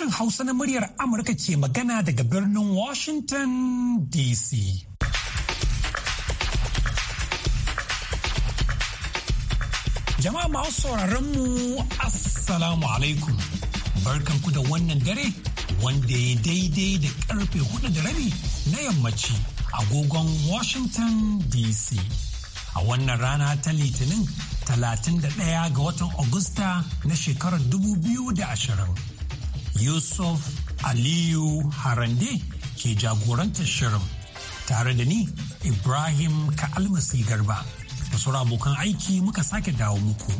sashen Hausa na muryar Amurka ke magana daga birnin Washington DC. Jama'a masu sauraron mu Assalamu alaikum. Barkanku da wannan dare wanda ya daidai da karfe hudu da rami na yammaci agogon Washington DC. A wannan rana ta Litinin 31 ga watan Agusta na shekarar 2020. Yusuf Aliyu Harande ke jagorantar shirin tare da ni Ibrahim Ka'almasi Garba da sauran abokan aiki muka sake dawo muku.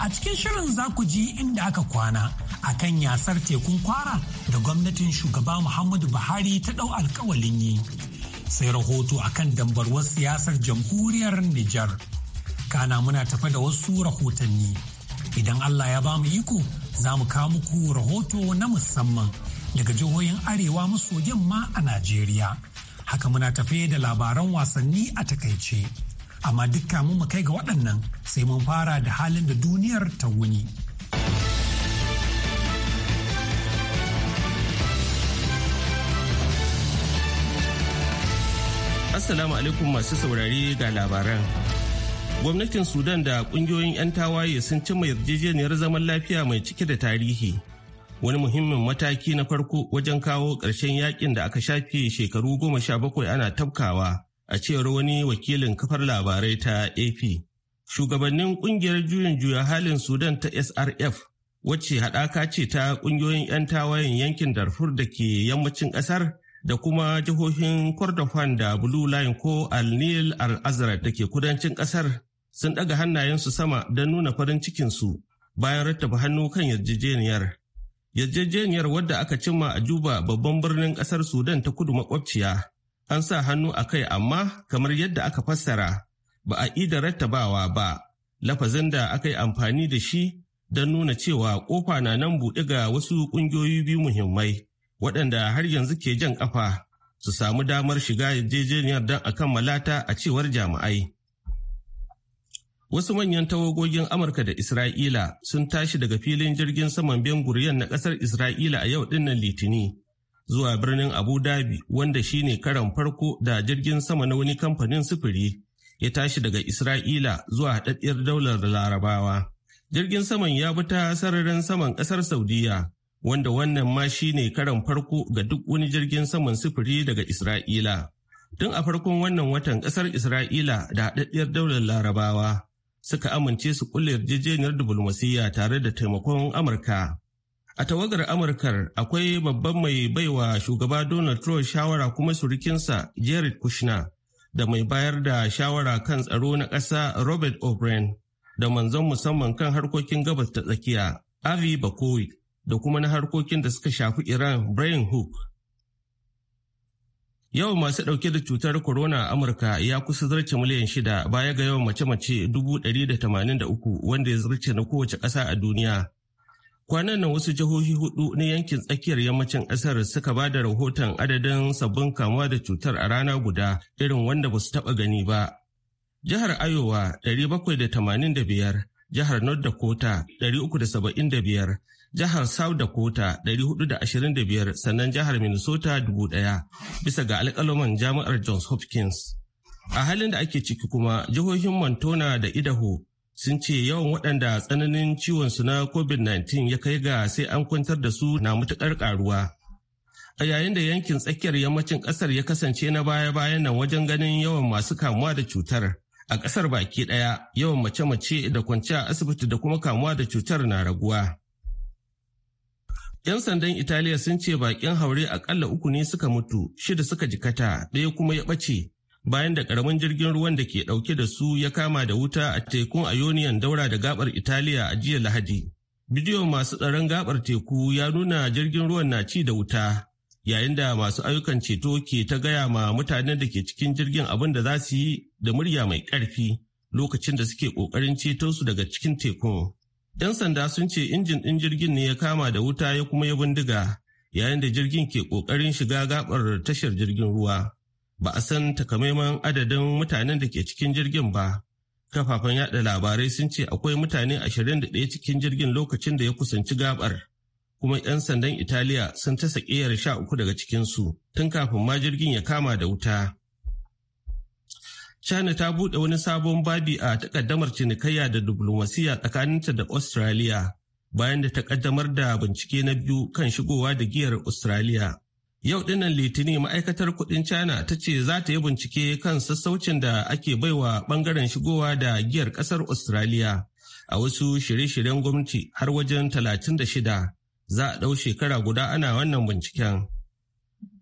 A cikin shirin za ku ji inda aka kwana a kan yasar tekun kwara da gwamnatin shugaba Muhammadu Buhari ta ɗau alkawalin yi. Sai rahoto a kan dambarwar siyasar jamhuriyar Nijar. Kana muna tafe da wasu rahotanni. Idan Allah ya ba mu iko za mu kawo muku rahoto na musamman daga jihohin arewa maso yamma a Najeriya. Haka muna tafe da labaran wasanni a takaice. Amma dukka mu kai ga waɗannan sai mun fara da halin da duniyar ta wuni. Assalamu alaikum masu saurari ga labaran. gwamnatin sudan da kungiyoyin 'yan tawaye sun cimma yarjejeniyar zaman lafiya mai cike da tarihi wani muhimmin mataki na farko wajen kawo ƙarshen yakin da aka shafe shekaru goma sha bakwai ana tabkawa, a cewar wani wakilin kafar labarai ta ap shugabannin kungiyar juyin juya halin sudan ta srf wacce haɗaka ce ta ƙungiyoyin 'yan tawayen yankin darfur da ke yammacin ƙasar da kuma jihohin kordofan da blue line ko al-nil al azra da ke kudancin ƙasar sun ɗaga hannayensu sama don nuna farin cikinsu bayan rattaba hannu kan yarjejeniyar. Yarjejeniyar wadda aka cimma a Juba babban birnin ƙasar Sudan ta kudu makwabciya. An sa hannu a kai amma kamar yadda aka fassara ba a ida rattabawa ba. Lafazin da aka yi amfani da shi don nuna cewa ƙofa na nan buɗe ga wasu ƙungiyoyi biyu muhimmai waɗanda har yanzu ke jan ƙafa su samu damar shiga yarjejeniyar don a kammala ta a cewar jami'ai. Wasu manyan tawagogin Amurka da Isra'ila sun tashi daga filin jirgin saman Ben Gurion na ƙasar Isra'ila a yau dinnan Litini zuwa birnin Abu Dhabi wanda shine karan farko da jirgin sama na wani kamfanin sufuri ya tashi daga Isra'ila zuwa haɗaɗɗiyar daular Larabawa. Jirgin saman ya bi ta sararin saman ƙasar Saudiya wanda wannan ma shine karan farko ga duk wani jirgin saman sufuri daga Isra'ila. Tun a farkon wannan watan ƙasar Isra'ila da haɗaɗɗiyar daular Larabawa suka amince su kulle yarjejeniyar diflomasiyya tare da taimakon Amurka. A tawagar Amurkar akwai babban mai baiwa shugaba Donald Trump shawara kuma surikinsa Jared Kushner da mai bayar da shawara kan tsaro na ƙasa Robert O'Brien da manzon musamman kan harkokin gabas ta tsakiya Avi Bakowi da kuma na harkokin da suka shafi Iran Brian Hook. Yawan masu ɗauke da cutar corona a Amurka ya kusa zarce miliyan shida baya ga yawan mace-mace dubu ɗari da tamanin da uku wanda ya zarce na kowace ƙasa a duniya. Kwanan nan wasu jihohi hudu na yankin tsakiyar yammacin ƙasar suka ba da rahoton adadin sabbin kamuwa da cutar a rana guda irin wanda ba su taɓa gani ba. Jihar Ayowa ɗari bakwai da tamanin da biyar, jihar North Dakota ɗari uku da saba'in da biyar, jihar South Dakota 425 sannan jihar Minnesota 1000 bisa ga alkaloman jami'ar Johns Hopkins. A halin da ake ciki kuma jihohin Montana da Idaho sun ce yawan waɗanda tsananin ciwon su na COVID-19 ya kai ga sai an kwantar da su na matuƙar ƙaruwa. A yayin da yankin tsakiyar yammacin ƙasar ya kasance na baya-bayan nan wajen ganin yawan masu kamuwa da cutar. A ƙasar baki ɗaya yawan mace-mace da kwanciya asibiti da kuma kamuwa da cutar na raguwa. 'Yan sandan Italiya sun ce bakin haure akalla uku ne suka mutu, shida suka jikata, ɗaya kuma ya ɓace bayan da ƙaramin jirgin ruwan da ke ɗauke da su ya kama da wuta a tekun Ionian daura da gabar Italiya a jiya Lahadi. Bidiyon masu tsaron gabar teku ya nuna jirgin ruwan na ci da wuta, yayin da masu ayyukan ceto ke ta gaya ma mutanen da ke cikin jirgin abin da za su yi da murya mai ƙarfi lokacin da suke ƙoƙarin ceto su daga cikin tekun. 'Yan sanda sun ce injin ɗin jirgin ne ya kama da wuta ya kuma ya bindiga yayin da jirgin ke ƙoƙarin shiga gabar tashar jirgin ruwa. Ba a san takamaiman adadin mutanen da ke cikin jirgin ba. Kafafen yada labarai sun ce akwai mutane ashirin da ɗaya cikin jirgin lokacin da ya kusanci gaɓar, Kuma 'yan sandan Italiya sun ta sha uku daga cikinsu tun kafin ma jirgin ya kama da wuta. China ta buɗe wani sabon babi a takaddamar cinikayya da diplomasiya tsakaninta da Australia bayan da ta kaddamar da bincike na biyu kan shigowa da giyar Australia. Yau dinnan Litinin ma'aikatar kudin China ta ce za ta yi bincike kan sassaucin da ake baiwa bangaren shigowa da giyar kasar Australia a wasu shirye-shiryen gwamnati har wajen 36 za a ɗau shekara guda ana wannan binciken.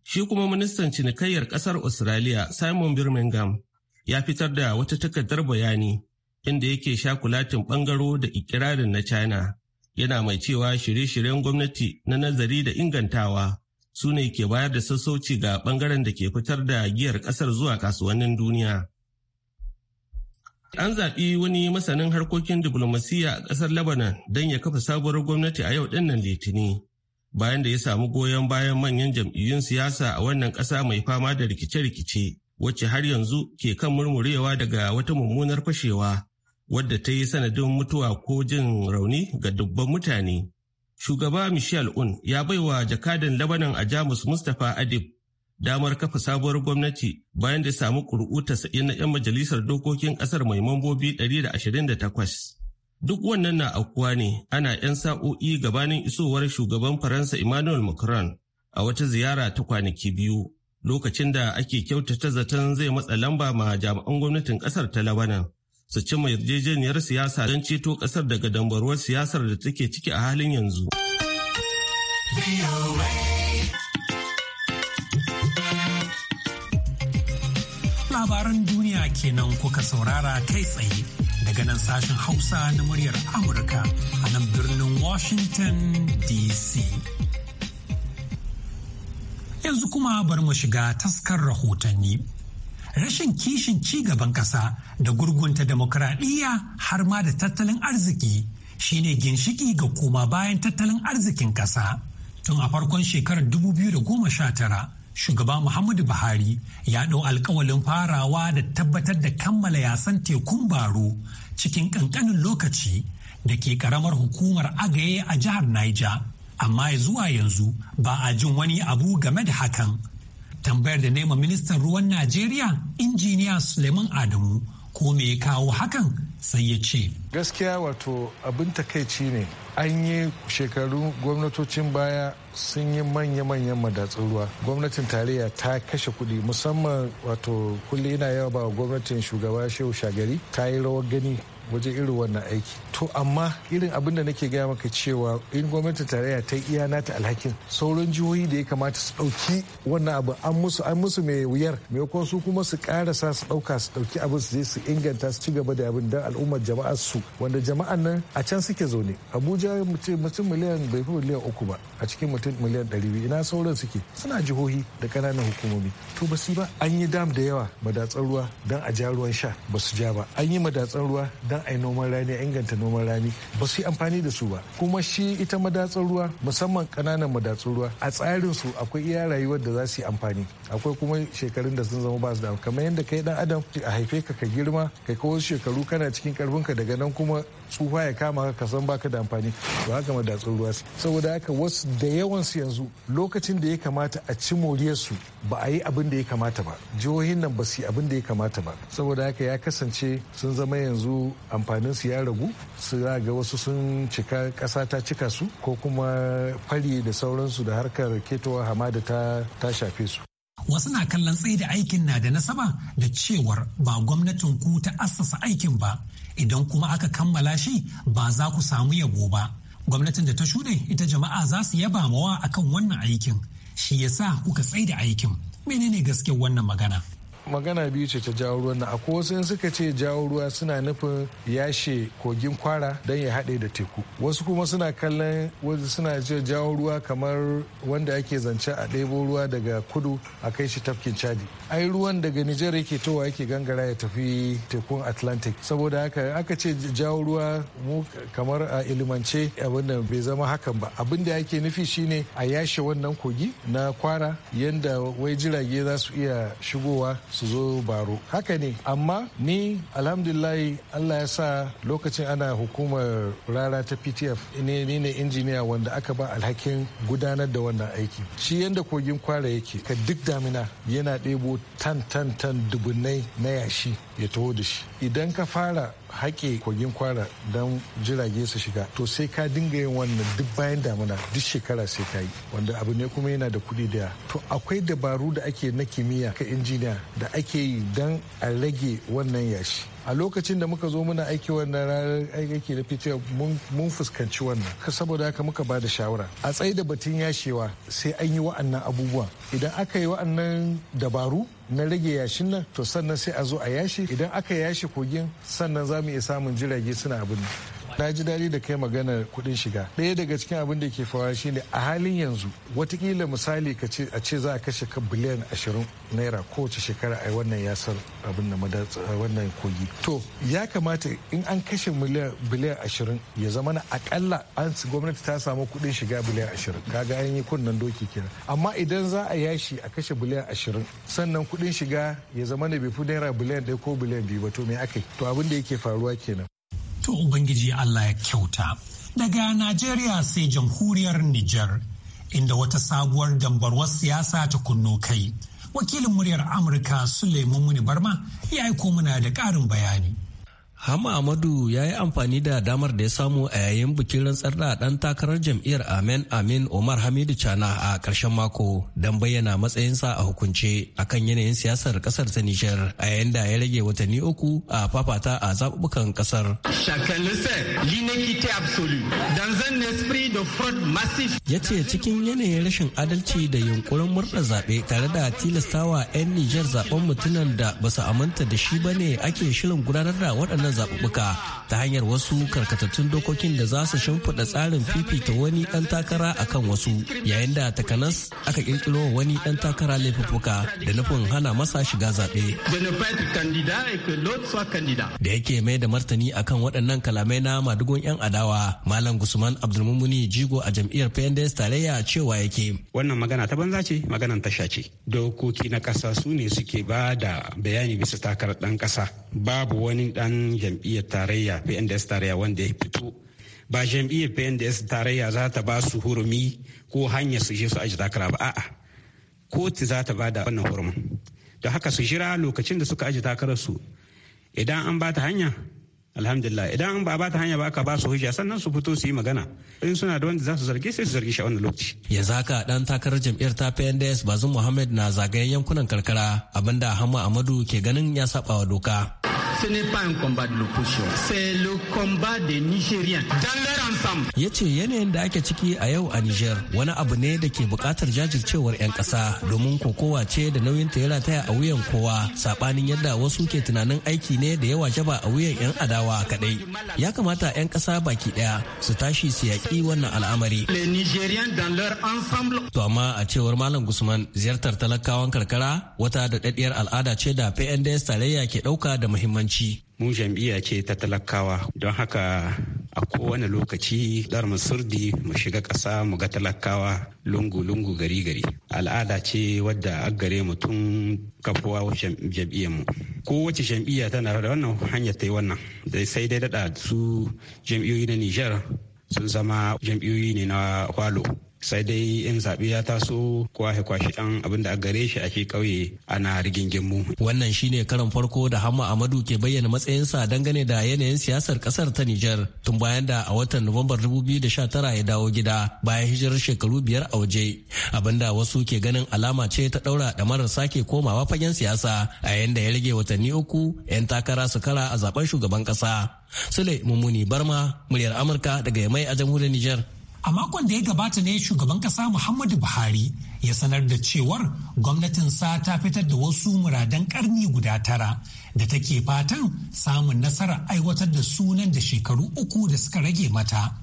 Shi kuma ministan cinikayyar kasar Australia Simon Birmingham ya fitar da wata takardar bayani inda yake sha shakulatin bangaro da ikirarin na China. Yana mai cewa shirye-shiryen gwamnati na nazari da ingantawa su ne ke bayar da sassauci ga bangaren da ke fitar da giyar kasar zuwa kasuwannin duniya. An zaɓi wani masanin harkokin diplomasiyya a ƙasar Lebanon don ya kafa sabuwar gwamnati a yau ɗinnan Litini, bayan da ya samu goyon bayan manyan jam'iyyun siyasa a wannan ƙasa mai fama da rikice-rikice. wacce har yanzu ke kan murmurewa daga wata mummunar fashewa wadda ta yi sanadin mutuwa ko jin rauni ga dubban mutane. Shugaba Michel Un ya baiwa jakadan labanin a Jamus Mustapha Adib damar kafa sabuwar gwamnati bayan da ya samu ƙuri'u tasa'in na 'yan majalisar dokokin ƙasar mai mambobi 128. Duk wannan na aukuwa ne ana 'yan sa'o'i gabanin isowar shugaban Faransa Emmanuel Macron a wata ziyara ta kwanaki biyu lokacin da ake kyautata zaton zai matsa lamba ma jami'an gwamnatin kasar ta Labanan su cimma yarjejeniyar siyasa don ceto kasar daga dambaruwar siyasar da take ciki a halin yanzu. Labaran duniya kenan kuka saurara kai tsaye daga nan sashen Hausa na muryar Amurka a nan birnin Washington DC. Yanzu kuma bar mu shiga taskar rahotanni. Rashin kishin ci gaban ƙasa da gurgunta demokradiyya har ma da tattalin arziki shine ginshiki ga koma bayan tattalin arzikin ƙasa. Tun a farkon shekarar 2019 shugaba Muhammadu Buhari ya ɗau alkawalin farawa da tabbatar da kammala yasan tekun baro cikin ƙanƙanin lokaci da ke ƙaramar hukumar agaye a jihar Niger. amma zuwa yanzu ba a jin wani abu game da hakan tambayar da nema ministan ruwan najeriya injiniya suleiman adamu ko me ya kawo hakan sai ya ce gaskiya wato abin takaici ne an yi shekaru gwamnatocin baya sun yi manya-manyan madatsun ruwa gwamnatin tarayya ta kashe kuɗi musamman wato kulle ina yawa ba gwamnatin shugaba shehu shagari ta yi rawar gani wajen irin wannan aiki to amma irin abin da nake gaya maka cewa in gwamnati tarayya ta iya nata alhakin sauran jihohi da ya kamata su ɗauki wannan abu an musu an musu mai wuyar maimakon su kuma su karasa su ɗauka su ɗauki abin su je su inganta su ci gaba da abin don al'ummar jama'ar su wanda jama'an nan a can suke zaune abuja mutum miliyan bai fi miliyan uku ba a cikin mutum miliyan ɗari biyu ina sauran suke suna jihohi da ƙananan hukumomi to ba su ba an yi dam da yawa madatsar ruwa dan a ja ruwan sha ba su ja ba an yi madatsar ruwa a yi noman rani a inganta noman rani ba su yi amfani da su ba kuma shi ita madatsar ruwa musamman kananan madatsar ruwa a tsarin su akwai iya rayuwar da za su yi amfani akwai kuma shekarun da sun zama ba su da kamar yadda kai dan adam a haife ka ka girma kai kawo shekaru kana cikin karfin ka daga nan kuma tsufa ya kama ka san baka da amfani to haka madatsar ruwa saboda haka wasu da yawan su yanzu lokacin da ya kamata a ci moriyar su ba a yi abin da ya kamata ba jihohin nan ba su yi abin da ya kamata ba saboda haka ya kasance sun zama yanzu amfanin su ya ragu su ga wasu sun cika ƙasa ta cika su ko kuma fari da sauransu da harkar ketowar hamada ta shafe su wasu na kallon tsaye da aikin na da nasaba da cewar ba gwamnatin ku ta assasa aikin ba idan kuma aka kammala shi ba za ku samu yabo ba gwamnatin da ta shuɗe ita jama'a za su yaba mawa akan wannan aikin shi yasa kuka tsaye da aikin menene gaskiyar wannan magana magana biyu ce ta jawo ruwan nan akwai wasu suka ce jawo ruwa suna nufin yashe kogin kwara don ya haɗe da teku wasu kuma suna kallon wasu suna ce jawo ruwa kamar wanda ake zance a ɗebo ruwa daga kudu a kai shi tafkin chadi ai ruwan daga nijar yake towa yake gangara ya tafi tekun atlantic saboda haka aka ce jawo ruwa mu kamar a ilimance abin bai zama hakan ba abin da ake nufi shine a yashe wannan kogi na kwara yanda wai jirage za su iya shigowa su zo baro haka ne amma ni alhamdulillahi allah ya sa lokacin ana hukumar rara ta ptf ne ni ne injiniya wanda aka ba alhakin gudanar da wannan aiki shi yadda kogin kwara yake ka duk damina yana ɗebo tan tan tan dubunnai na yashi ya taho da shi idan ka fara haƙe kogin kwara don jirage su shiga to sai ka dinga yin wannan duk bayan damuna duk shekara sai ka yi wanda abu ne kuma yana da kuɗi da to akwai dabaru da ake na kimiyya ka injiniya da ake yi don a rage wannan yashi a lokacin da muka zo muna aiki wannan ranar aiki na fitiya mun fuskanci wannan saboda haka muka ba da shawara a tsaye da batun yashewa sai an yi wa'annan abubuwa idan aka yi wa'annan dabaru na rage yashin nan to sannan sai a zo a yashi idan aka yashe kogin sannan za mu iya samun jirage suna abin na ji daɗi da kai maganar kuɗin shiga ɗaya daga cikin abin da ke faruwa ne a halin yanzu watakila misali a ce za a kashe ka biliyan ashirin naira kowace shekara a wannan yasar abin da wannan kogi to ya kamata in an kashe biliyan ashirin ya zama na akalla an gwamnati ta samu kuɗin shiga biliyan ashirin kaga an yi kunnan doki kenan amma idan za a yashi a kashe biliyan ashirin sannan kuɗin shiga ya zama na bai fi naira biliyan ɗaya ko biliyan biyu ba to me aka to abin da yake faruwa kenan to Ubangiji Allah ya kyauta. Daga Najeriya sai jamhuriyar Nijar, inda wata sabuwar dambarwar siyasa ta kunno kai. Wakilin muryar Amurka Suleiman Muni Barma ya aiko muna da ƙarin bayani. Hama Amadu ya yi amfani da damar da ya samu a yayin bikin rantsar da ɗan takarar jam'iyyar Amen Amin Omar Hamidu Chana a karshen mako don bayyana matsayinsa a hukunce akan yanayin siyasar ƙasar ta Nijar a yayin da ya rage watanni uku a fafata a zaɓuɓɓukan ƙasar. Chacun le sait, l'inéquité absolue. Dans un esprit Ya ce cikin yanayin rashin adalci da yunkurin murɗa zaɓe tare da tilastawa 'yan Nijar zaɓen mutunan da ba su aminta da shi ba ne ake shirin gudanar da waɗannan zaɓuɓɓuka ta hanyar wasu karkatattun dokokin da za su shimfiɗa tsarin fifita wani ɗan takara akan wasu yayin da takanas aka ƙirƙiro wani ɗan takara laifuffuka da nufin hana masa shiga zaɓe. Da yake mai da martani akan waɗannan kalamai na madugon 'yan adawa Malam Gusman Abdulmumuni Jigo a jam'iyyar PNDS tarayya cewa yake. Wannan magana ta banza ce maganan tasha ce. Dokoki na ƙasa su ne suke ba da bayani bisa takar ɗan ƙasa. Babu wani ɗan jam'iyyar tarayya PNDS tarayya wanda ya fito ba jam'iyyar PNDS tarayya za ta ba su hurumi ko hanya su je su aji takara ba a'a. Kotu za ta ba da wannan hurumin. Da haka su jira lokacin da suka aji takararsu. idan an ba ta hanya alhamdulillah idan an ba ba ta hanya ba ka ba su hujja sannan su fito su yi magana in suna da wanda za su zargi sai su zargi shi a wannan lokaci yanzu haka dan takarar jam'iyyar ta PNDS Bazum Muhammad na zagayen yankunan karkara abinda Hamma Amadu ke ganin ya saba wa doka ce n'est pas un combat de l'opposition, c'est le combat des Nigériens dans leur ensemble. Ya yanayin da ake ciki a yau a Niger wani abu ne da ke bukatar jajircewar 'yan kasa domin kokowa ce da nauyin ta ya rataya a wuyan kowa saɓanin yadda wasu ke tunanin aiki ne da yawa jaba a wuyan 'yan adawa kadai Ya kamata 'yan kasa baki ɗaya su tashi su yaƙi wannan al'amari. Les Nigériens dans leur ensemble. To amma a cewar Malam Gusman ziyartar talakawan karkara wata daɗaɗɗiyar al'ada ce da PNDS tarayya ke ɗauka da muhimmanci. ci mu jam'iyya ce ta talakawa don haka a kowane lokaci dar mu surdi mu shiga ƙasa mu ga talakawa lungu-lungu gari-gari al'ada ce wadda a gare mu tun kafuwa jam'iyyar mu kowace jam'iyya tana da wannan hanyar ta yi wannan sai dai daɗa su jam'iyyoyi na nijar sun zama jam'iyyoyi ne na kwalo sai dai in zaɓe ya taso kwashe kwashe ɗan abin da a gare shi a shi ƙauye ana rigingimu. Wannan shine karan farko da Hamma Amadu ke bayyana matsayinsa dangane da yanayin siyasar ƙasar ta Nijar tun bayan da a watan Nuwambar 2019 ya dawo gida bayan hijirar shekaru biyar a waje. Abin da wasu ke ganin alama ce ta ɗaura da ɗamarar sake komawa fagen siyasa a yayin da ya rage watanni uku 'yan takara su kara a zaben shugaban ƙasa. Sule Mummuni Barma, muryar Amurka daga Yamai a jamhuriyar Nijar. A makon da ya gabata ne shugaban kasa Muhammadu Buhari ya sanar da cewar gwamnatin sa ta fitar da wasu muradan karni guda tara da take fatan samun nasarar aiwatar da sunan da shekaru uku da suka rage mata.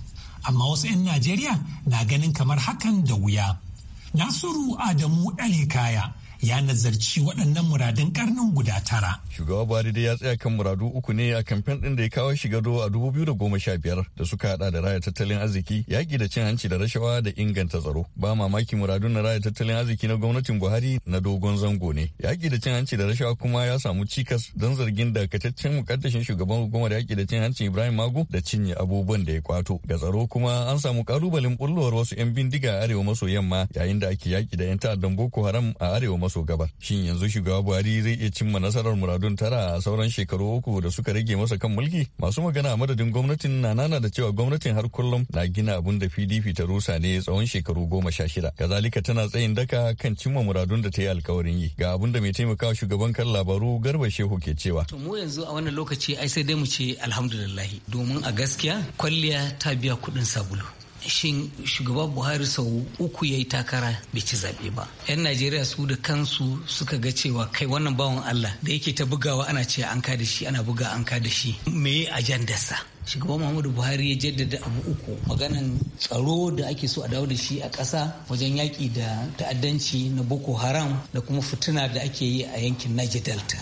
Amma wasu 'yan Najeriya na ganin kamar hakan da wuya. Nasiru Adamu kaya. ya nazarci waɗannan muradun karnin guda tara. Shugaba Buhari dai ya tsaya kan muradu uku ne a kamfen ɗin da ya kawo shiga do a da biyar da suka haɗa da raya tattalin arziki, yaƙi da cin hanci da rashawa da inganta tsaro. Ba mamaki muradun na raya tattalin arziki na gwamnatin Buhari na dogon zango ne. Yaƙi da cin hanci da rashawa kuma ya samu cikas don zargin dakataccen mukaddashin shugaban hukumar yaƙi da cin hanci Ibrahim Magu da cinye abubuwan da ya kwato. Ga tsaro kuma an samu ƙalubalen bullowar wasu 'yan bindiga a arewa maso yamma yayin da ake yaƙi da 'yan ta'addan Boko Haram a arewa maso maso gaba. Shin yanzu shugaba Buhari zai iya cimma nasarar muradun tara a sauran shekaru uku da suka rage masa kan mulki? Masu magana a madadin gwamnatin na nana da cewa gwamnatin har kullum na gina abun da PDP ta rusa ne tsawon shekaru goma sha shida. Kazalika tana tsayin daka kan cimma muradun da ta yi alkawarin yi. Ga abun da mai taimakawa shugaban kan labaru Garba Shehu ke cewa. To mu yanzu a wannan lokaci ai sai dai mu ce alhamdulillah domin a gaskiya kwalliya ta biya kuɗin sabulu. shin shugaba buhari sau uku ya yi takara bai ci zaɓe ba yan najeriya su da kansu suka ga cewa kai wannan bawan allah da yake ta bugawa ana ce an ka da shi ana buga an ka da shi me ajandarsa shugaban muhammadu buhari ya jaddada abu uku maganan tsaro da ake so a dawo da shi a ƙasa wajen yaƙi da ta'addanci na boko haram da kuma fituna da ake yi a yankin niger delta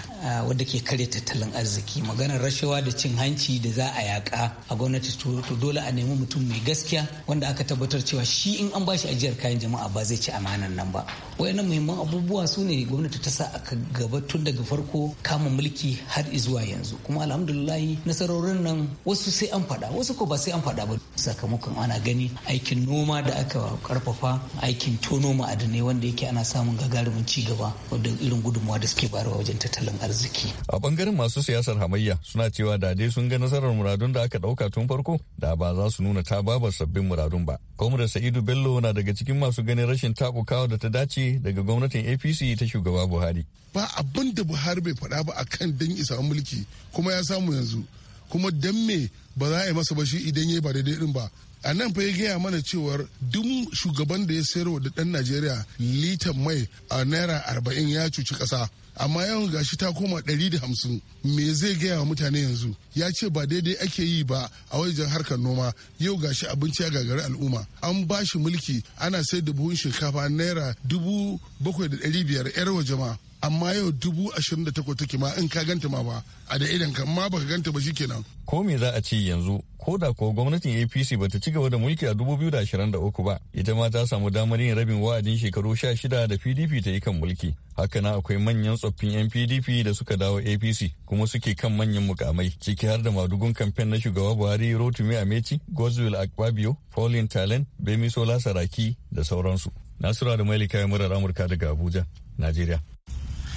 wadda ke karya tattalin arziki maganar rashawa da cin hanci da za a yaƙa a gwamnati to dole a nemi mutum mai gaskiya wanda aka tabbatar cewa shi in an bashi ajiyar kayan jama'a ba zai ci amanan nan ba wayannan muhimman abubuwa su ne gwamnati ta sa aka gaba tun daga farko kama mulki har izuwa yanzu kuma alhamdulillahi nasarorin nan wasu sai an faɗa wasu ko ba sai an faɗa ba sakamakon ana gani aikin noma da aka karfafa aikin tono ma'adanai wanda yake ana samun gagarumin ci gaba wadda irin gudunmawa da suke bayarwa wajen tattalin arziki a bangaren masu siyasar hamayya suna cewa da dai sun ga nasarar muradun da aka ɗauka tun farko da ba za su nuna ta babar sabbin muradun ba da sa'idu bello na daga cikin masu ganin rashin tabukawa da ta dace daga gwamnatin apc ta shugaba buhari ba abin da buhari bai faɗa ba akan dan isa mulki kuma ya samu yanzu kuma dan me ba za a yi masa ba shi idan ya ba daidai din ba a nan fa ya gaya mana cewar duk shugaban da ya sayarwa da ɗan najeriya litan mai a naira arba'in ya cuci kasa amma yawan gashi ta koma ɗari da hamsin me zai gaya wa mutane yanzu ya ce ba daidai ake yi ba a wajen harkar noma yau gashi abinci ya gagari al'umma an ba shi mulki ana sai da buhun shinkafa naira dubu bakwai da ɗari biyar yar waje ma amma yau dubu ashirin da takwas take ma in ka ganta ma ba a da idan kan ma baka ganta ba shikenan. ko me za a ce yanzu ko da ko gwamnatin apc ba ta ci gaba da mulki a 2023 ba ita ma ta samu damar yin rabin wa'adin shekaru sha shida da pdp ta yi kan mulki haka na akwai manyan tsoffin 'yan pdp da suka dawo apc kuma suke kan manyan mukamai ciki har da madugun kamfen na shugaba buhari rotumi ameci goswell akpabio pauline talen bemisola saraki da sauransu nasura da mailika ya murar amurka daga abuja najeriya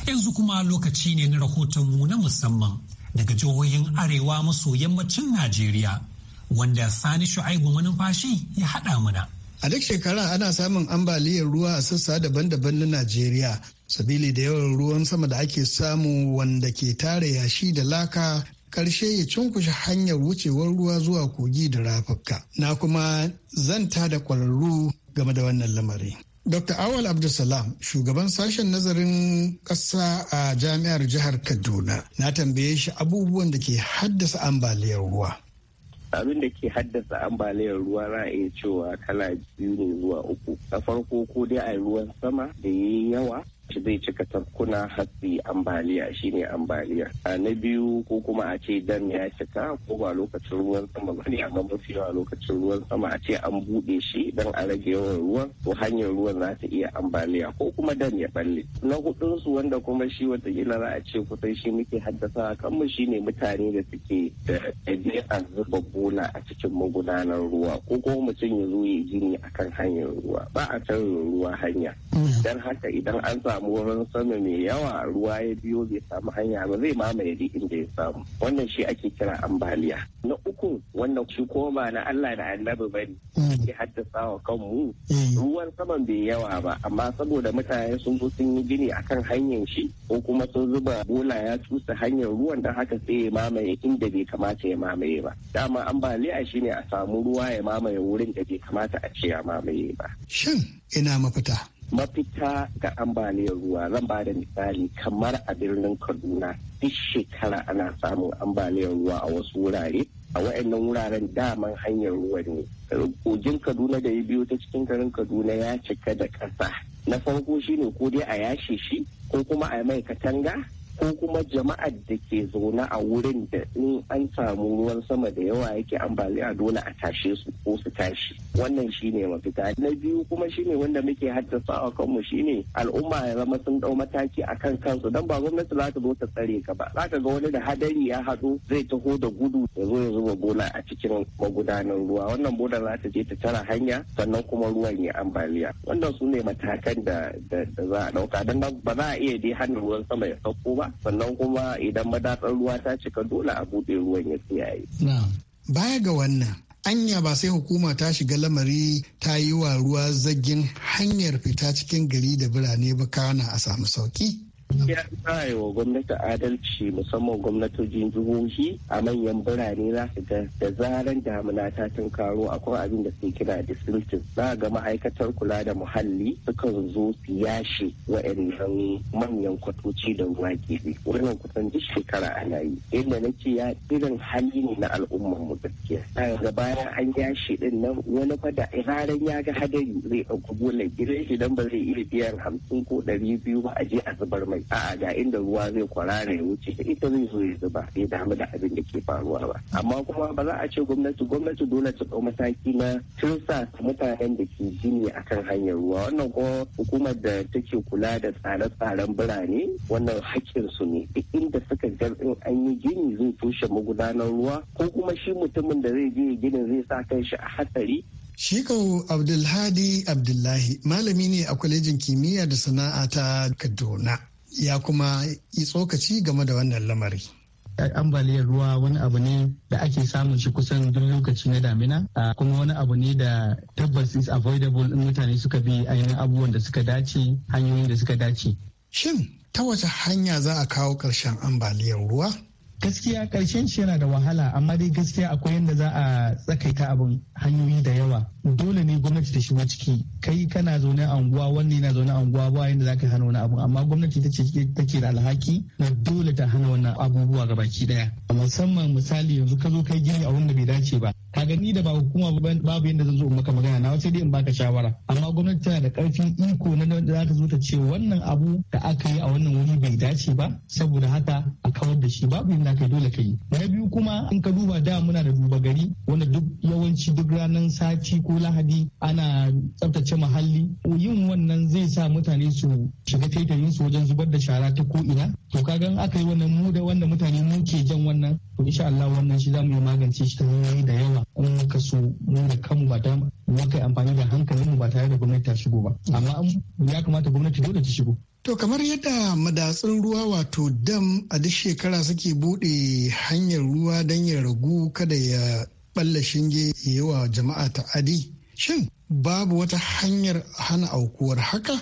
yanzu kuma lokaci ne na rahoton mu na musamman daga jihohin arewa maso yammacin najeriya wanda Sani Shu'aibu manumfashi ya haɗa mana. A duk shekara ana samun ambaliyar ruwa a sassa daban-daban na Najeriya. Sabili da yawan ruwan sama da ake samu wanda ke tara yashi da laka karshe ya cunkushe hanyar wucewar ruwa zuwa kogi da rafuka. Na kuma zanta da kwararru game da wannan lamari. Dr. Awal Abdulsalam, shugaban sashen nazarin ƙasa a jami'ar jihar Kaduna, na tambaye shi abubuwan da ke haddasa ambaliyar ruwa. abin da ke haddasa ambaliyar ruwa na iya cewa kala biyu ne zuwa uku na farko ko dai a ruwan sama da ya yawa zai cika tafkuna hatsi ambaliya shine ambaliya a na biyu ko kuma a ce dam ya cika ko ba lokacin ruwan sama ba ne amma mafi yawa lokacin ruwan sama a ce an buɗe shi don a rage yawan ruwan ko hanyar ruwan za ta iya ambaliya ko kuma dam ya balle na hudun wanda kuma shi watakila za a ce kusan shi muke haddasa kanmu ne mutane da suke da ɗabi'a zuba bola a cikin magudanar ruwa ko kuma mutum ya zo ya gini akan hanyar ruwa ba a canza ruwa hanya mm. dan haka idan an sa samu ruwan sama mai yawa ruwa ya biyo bai samu hanya ba zai mamaye duk inda ya samu wannan shi ake kira ambaliya na uku wannan shi ko ba na Allah da annabi ba ne mm. haddasa wa kanmu mm. ruwan saman bai yawa ba amma saboda mutane sun zo sun yi gini akan hanyar shi ko kuma sun zuba bola ya cusa hanyar ruwan da haka sai ya mamaye inda bai kamata ya mamaye ba dama ambaliya shine a samu ruwa ya mamaye wurin da bai kamata a ce ya mamaye ba shin ina mafita mafita ga ambaliyar ruwa zan ba da misali kamar a birnin kaduna duk shekara ana samun ambaliyar ruwa a wasu wurare a wa'annan wuraren daman hanyar ruwa ne kogin kaduna da ya biyo ta cikin garin kaduna ya cika da ƙasa na farko shine ko dai a yashe shi ko kuma a mai katanga ko kuma jama'ar da ke zauna a wurin da in an samu ruwan sama da yawa yake ambaliya dole a tashe su ko su tashi wannan shine mafita na biyu kuma shine wanda muke haddasa a kanmu shine al'umma ya zama sun dau mataki a kan kansu dan ba gwamnati za ta zo ta tsare ka ba za ga wani da hadari ya haɗu zai taho da gudu ya zo ya zuba bola a cikin magudanan ruwa wannan bola za ta je ta tara hanya sannan kuma ruwan ya ambaliya wannan su ne matakan da za a ɗauka don ba za a iya dai hana ruwan sama ya sauko ba ruwa sannan kuma idan madatsar ruwa ta cika dole a buɗe ruwan ya tsiyaye. baya ga wannan anya ba sai hukuma ta shiga lamari ta yi wa ruwa zagin hanyar fita cikin gari da birane ba kana a samu sauki. gaskiya za yi wa gwamnati adalci musamman gwamnatojin jihohi a manyan birane za su ga da zaran damuna ta tunkaro akwai abin da suke kira districtin za ga ma'aikatar kula da muhalli sukan zo su yashe wa'annan manyan kwatoci da ruwa gefe wannan kusan duk shekara ana yi inda na ce ya irin hali ne na al'ummar mu gaskiya ga bayan an yashe din nan wani fa da ya ga hadari zai ɗauki bolar gidan shi ba zai iya biyan hamsin ko ɗari biyu ba a je a zubar mai A'a, a ga inda ruwa zai kwarara ya wuce da ita zai zo ya zuba ya damu da abin da ke faruwa ba amma kuma ba za a ce gwamnati gwamnati dole ta ɗau mataki na tursa mutanen da ke jini akan hanyar ruwa wannan kuma hukumar da take kula da tsare-tsaren birane wannan hakkin su ne duk inda suka ga an yi gini zai toshe magudanar ruwa ko kuma shi mutumin da zai je gini zai sa kan shi a hatsari shiko Abdulhadi Abdullahi malami ne a kwalejin kimiyya da sana'a ta Kaduna. ya kuma yi tsokaci game da wannan lamari. ambaliyar ruwa wani abu ne da ake samun shi kusan duk lokaci na damina kuma wani abu ne da tabbas is avoidable in mutane suka bi ainihin abubuwan da suka dace hanyoyin da suka dace. Shin ta wace hanya za a kawo ƙarshen ambaliyar ruwa? gaskiya karshen shi yana da wahala amma dai gaskiya akwai yadda za a tsakaita abin hanyoyi da yawa dole ne gwamnati ta shiga ciki kai kana zaune a unguwa wannan yana zaune a unguwa ba yadda za ka hana wani abu amma gwamnati ta ce take da alhaki na dole ta hana wannan abubuwa ga baki daya musamman misali yanzu ka zo kai gini a wanda bai dace ba ka gani da ba hukuma babu yadda zan zo maka magana na wace dai in baka shawara amma gwamnati tana da karfin iko na da za ta zo ta ce wannan abu da aka yi a wannan wuri bai dace ba saboda haka a kawar da shi babu abin da aka yi dole ka yi na biyu kuma in ka duba da muna da duba gari wanda duk yawanci duk ranar sati ko lahadi ana tsaftace muhalli yin wannan zai sa mutane su shiga taitayin su wajen zubar da shara ta ko ina to kagan aka yi wannan mu da wanda mutane mu ke jan wannan to insha Allah wannan shi zamu yi magance shi ta hanyoyi da yawa in muka so mu da kanmu ba ta kai amfani da hankalinmu ba tare da gwamnati ta shigo ba amma ya kamata gwamnati dole ta shigo To kamar yadda madatsun ruwa wato dam a duk shekara suke buɗe hanyar ruwa don ya ragu kada ya balla shinge yawa jama'a ta'adi. Shin babu wata hanyar hana aukuwar haka?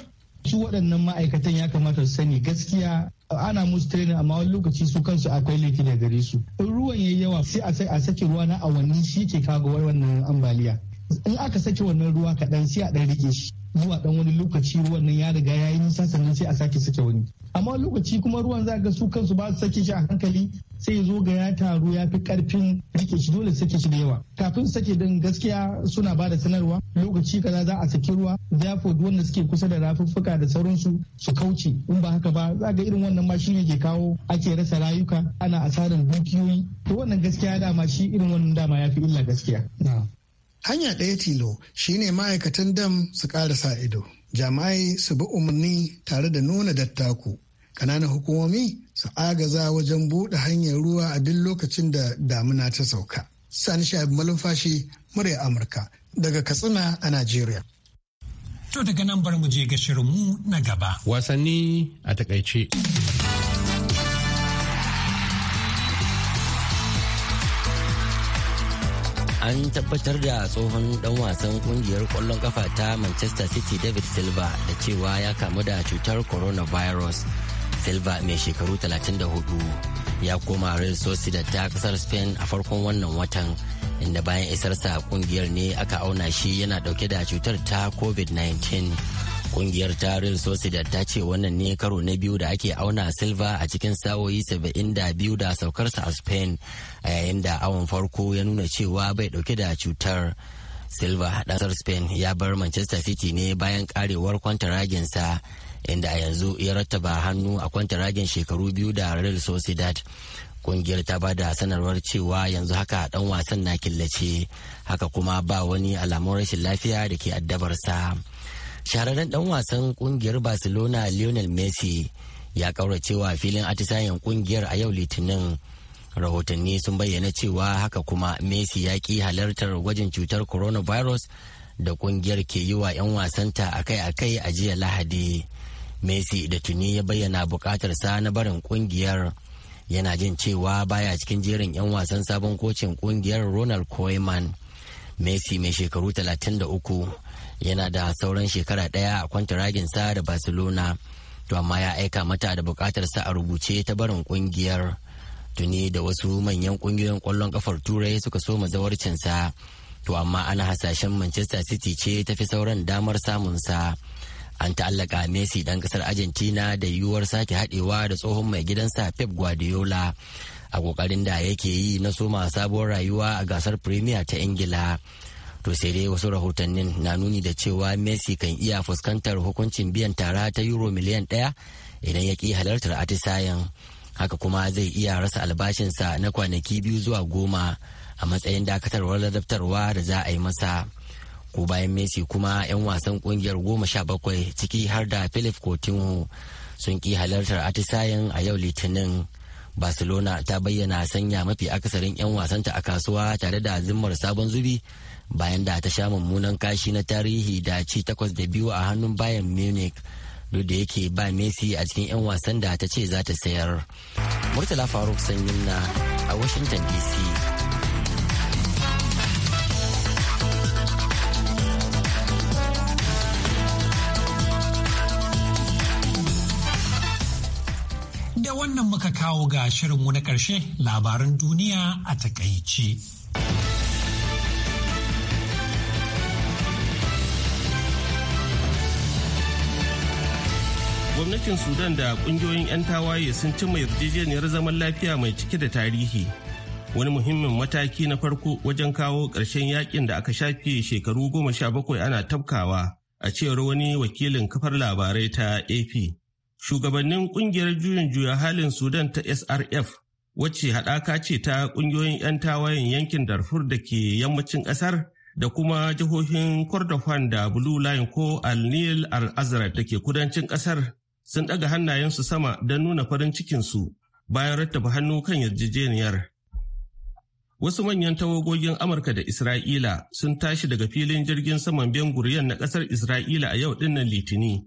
Su waɗannan ma'aikatan ya kamata su sani gaskiya ana musu training amma wani lokaci su kansu akwai laifi da gare su. In ruwan yayi yawa sai a sake ruwa na awanni shi ke kago wannan ambaliya. in aka sake wannan ruwa kaɗan sai a ɗan rike shi zuwa ɗan wani lokaci ruwan nan ya riga ya yi nisa sannan sai a sake sake wani amma lokaci kuma ruwan za ga su kansu ba su sake shi a hankali sai zo ga ya taru ya fi ƙarfin rike shi dole sake shi da yawa kafin sake din gaskiya suna ba da sanarwa lokaci kaza za a saki ruwa therefore duk wanda suke kusa da rafuffuka da sauransu su kauce in ba haka ba za ga irin wannan ma shine ke kawo ake rasa rayuka ana asarar dukiyoyi to wannan gaskiya dama shi irin wannan dama ya fi illa gaskiya Hanya ɗaya tilo shine ma'aikatan dam su ƙara sa ido, jama'ai su bi umarni tare da nuna dattaku, ƙananan hukumomi su agaza wajen buɗe hanyar ruwa a duk lokacin da damuna ta sauka. Sani Shahab Malumfashi, murya Amurka, daga Katsina a Najeriya. To daga nan bar mu je ga shirinmu na gaba. Wasanni a takaice. an tabbatar da tsohon dan wasan kungiyar kwallon kafa ta manchester city david silva da cewa ya kamu da cutar coronavirus silva mai shekaru 34 ya koma real sociedad ta kasar spain a farkon wannan watan inda bayan isarsa kungiyar ne aka auna shi yana dauke da cutar ta covid-19 Kungiyar tarin Sociedad ta ce wannan ne karo na biyu da ake auna Silva a cikin sa'o'i 72 da saukarsa a Spain a yayin da awon farko ya nuna cewa bai dauke da cutar. Silva ɗansar Spain ya bar Manchester City ne bayan karewar kwantaraginsa inda a yanzu ya rattaba hannu a kwantaragin shekaru biyu da Real Sociedad. kungiyar ta ba da sanarwar cewa yanzu haka dan wasan na killace haka kuma ba wani alamun rashin lafiya da ke addabarsa shahararren dan wasan kungiyar barcelona lionel messi ya cewa filin atisayen kungiyar a yau litinin rahotanni sun bayyana cewa haka kuma messi ya ki halartar gwajin cutar coronavirus da kungiyar ke yi wa 'yan wasanta akai-akai a jiya lahadi messi da tuni ya bayyana bukatar sa na barin kungiyar yana jin cewa baya cikin jerin 'yan wasan sabon kocin kungiyar ronald koeman messi mai shekaru 33 yana da sauran shekara ɗaya a kwantaraginsa da barcelona to amma ya aika mata da bukatar sa a rubuce ta barin kungiyar tuni da wasu manyan kungiyoyin kwallon kafar turai suka so mazawarcinsa to amma ana hasashen manchester city ce ta fi sauran damar samun sa, an ta'allaka messi dan kasar argentina da yiwuwar sake haɗewa da tsohon mai gidansa pep guardiola a kokarin da yake yi na soma sabuwar rayuwa a gasar premier ta ingila to sai dai wasu rahotannin na nuni da cewa messi kan iya fuskantar hukuncin biyan tara ta euro miliyan ɗaya idan ya ki halartar atisayen haka kuma zai iya rasa albashinsa na kwanaki biyu zuwa goma a matsayin dakatarwar ladabtarwa da za a yi masa ko bayan messi kuma 'yan wasan kungiyar goma sha bakwai ciki har da philip coutinho sun ki halartar atisayen a yau litinin barcelona ta bayyana sanya mafi akasarin 'yan wasanta a kasuwa tare da zimmar sabon zubi bayan da ta sha mummunan kashi na tarihi da ci takwas da biyu a hannun bayan munich duk da yake ba messi a cikin 'yan wasan da ta ce za ta sayar murtala faruk sanyin na a washington dc wannan muka kawo ga shirinmu na ƙarshe labaran duniya a takaice. Gwamnatin Sudan da ƙungiyoyin 'yan tawaye sun cimma yarjejeniyar zaman lafiya mai cike da tarihi. Wani muhimmin mataki na farko wajen kawo ƙarshen yakin da aka shafe shekaru goma sha bakwai ana tafkawa a cewar wani wakilin kafar labarai ta AP. Shugabannin kungiyar juyin juya halin Sudan ta SRF wacce haɗaka ce ta ƙungiyoyin 'yan tawayen yankin Darfur da ke yammacin ƙasar da kuma jihohin Kordofan da Blue Line ko Alnil nil al azra da ke kudancin ƙasar sun ɗaga hannayensu sama don nuna farin cikinsu bayan rattaba hannu kan yarjejeniyar. Wasu manyan tawagogin Amurka da Isra'ila sun tashi daga filin jirgin saman Ben na ƙasar Isra'ila a yau ɗinnan Litini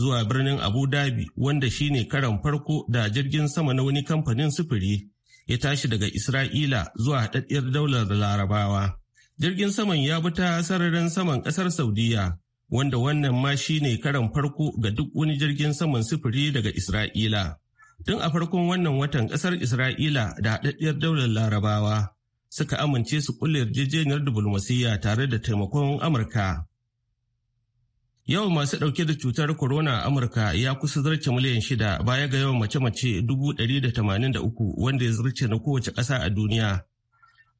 zuwa birnin Abu Dhabi wanda shine karan farko da jirgin sama na wani kamfanin sufuri ya tashi daga Isra'ila zuwa haɗaɗɗiyar daular Larabawa. Jirgin saman ya bi ta sararin saman ƙasar Saudiya wanda wannan ma shine karan farko ga duk wani jirgin saman sufuri daga Isra'ila. Tun a farkon wannan watan ƙasar Isra'ila da haɗaɗɗiyar daular Larabawa suka amince su kulle yarjejeniyar dubulmasiyya tare da taimakon Amurka. Yawan masu ɗauke da cutar corona a Amurka ya kusa zarce miliyan shida baya ga yawan mace-mace dubu ɗari da tamanin da uku wanda ya zarce na kowace ƙasa a duniya.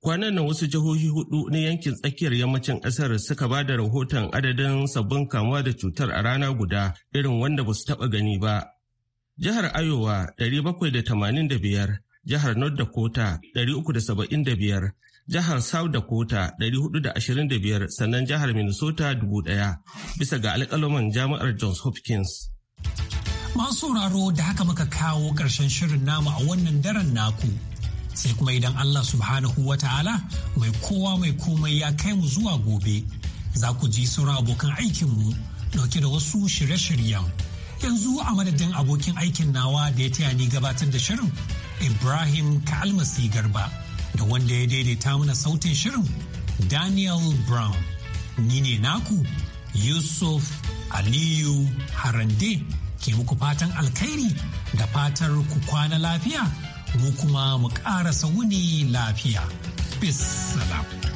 Kwanan nan wasu jihohi hudu na yankin tsakiyar yammacin ƙasar suka ba da rahoton adadin sabbin kamuwa da cutar a rana guda irin wanda ba su taɓa gani ba. Jihar Ayowa bakwai da da tamanin biyar, jihar North Dakota biyar, jihar South Dakota 425 sannan jihar Minnesota 1000 bisa ga alkaloman jami'ar Johns Hopkins. Masu sauraro da haka muka kawo ƙarshen shirin namu a wannan daren naku. Sai kuma idan Allah subhanahu wa ta'ala mai kowa mai komai ya kai mu zuwa gobe, za ku ji sauran abokan aikinmu dauke da wasu shirye-shiryen. Yanzu a madadin abokin aikin nawa da ya taya ni gabatar da shirin Ibrahim Kalmasi Garba. da wanda ya daidaita mana sautin shirin Daniel Brown. Ni ne naku Yusuf Aliyu Harande ke muku fatan alkhairi da fatar ku kwana lafiya mu kuma mu ƙara sauni lafiya. Peace salam.